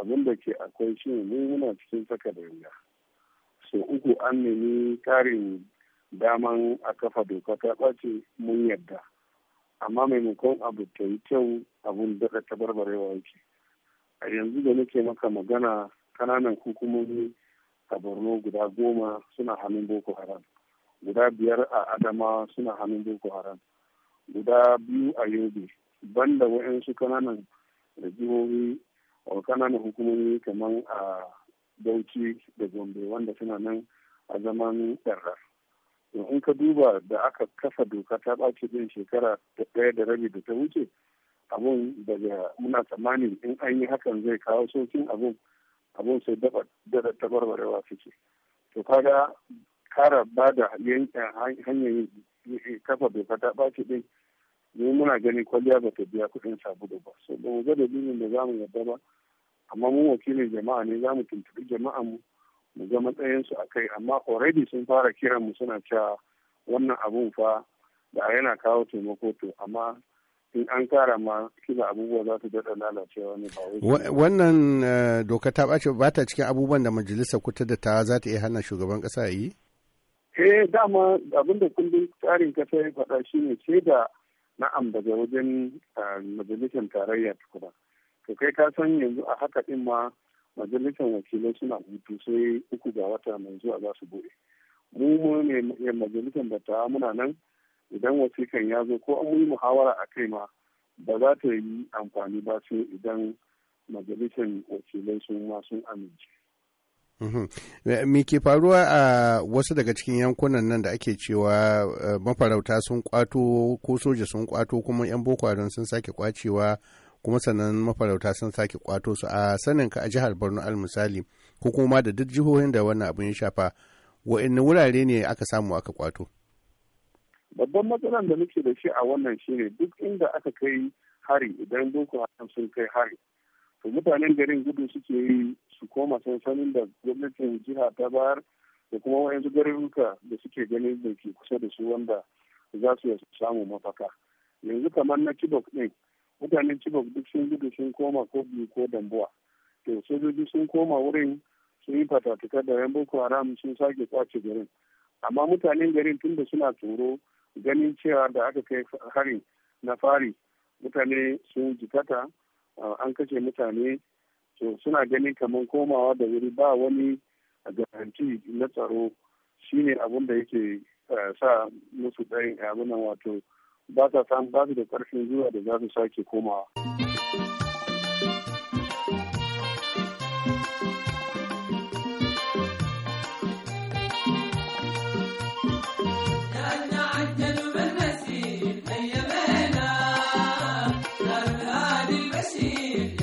abin da ke akwai shi ne muna cikin saka da wuya so uku an nemi karin daman a kafa doka ta ɓace mun yadda amma maimakon abu ta yi kyau abun ta barbarewa yake a yanzu da nake maka magana kananan hukumomi a borno guda goma suna hannun boko haram guda biyar a adama suna hannun boko haram guda biyu a yobe banda wa'yansu kananan da jihohi kananan hukumomi kamar a bauchi da gombe wanda suna nan a zaman ɗarra to in ka duba da aka kafa doka ta ɓace bin shekara da ɗaya da rabi da ta wuce abun daga muna tsammanin in an yi hakan zai kawo sokin abun abun sai daɗa tabarbarewa suke to kaga kara ba da hanyar kafa doka ta ɓace din domin muna ganin kwalliya ba ta biya kuɗin sabulu ba so ba mu ga dalilin da za mu yarda ba amma mu wakilin jama'a ne za mu tuntuɓi jama'a mu mu ga matsayinsu a kai amma already sun fara kiran mu suna cewa wannan abun fa da yana kawo taimako to amma in an kara ma kila abubuwa za su daɗa lalacewa ne ba wannan eh, doka ta ɓace ba ta cikin abubuwan da majalisar kuta da ta za ta iya hana shugaban ƙasa yi eh dama abinda kundin tsarin ƙasa ya faɗa shi ne sai da na'am daga wajen ah, majalisar tarayya tukuna to kai ka san yanzu a haka din ma majalisar wakilai suna hutu sai uku ga wata mai zuwa za su bude mu mu ne eh, majalisar dattawa muna nan idan wasikan ya zo ko an yi muhawara a kai ma ba za ta yi amfani ba sai idan majalisar wakilai sun ma sun amince Me ke faruwa a wasu daga cikin yankunan nan da ake cewa eh, mafarauta sun kwato ko soja sun kwato kuma 'yan bokwarin sun sake kwacewa kuma sannan mafarauta sun sake kwato su a saninka a jihar borno al misali ko kuma da duk jihohin da wannan abin ya shafa wa'anne wurare ne aka samu aka kwato babban matsalar da muke da shi a wannan shine duk inda aka kai hari idan boko haram sun kai hari to mutanen garin gudu suke yi su koma sansanin da gwamnatin jiha ta bayar da kuma wayansu garuruka da suke ganin da ke kusa da su wanda za su samu mafaka yanzu kamar na chibok ɗin mutanen chibok duk sun gudu sun koma ko biyu ko dambuwa to sojoji sun koma wurin sun yi fatatuka da yan boko haram sun sake kwace garin amma mutanen garin tun da suna tsoro ganin cewa da aka kai harin na fari mutane sun jikata Uh, an kashe mutane to suna ganin kamar komawa da wuri ba wani garanti na tsaro shine abun da yake uh, sa musu ɗari abunan wato ba ta samun ba su da karfin zuwa da za su sake komawa. see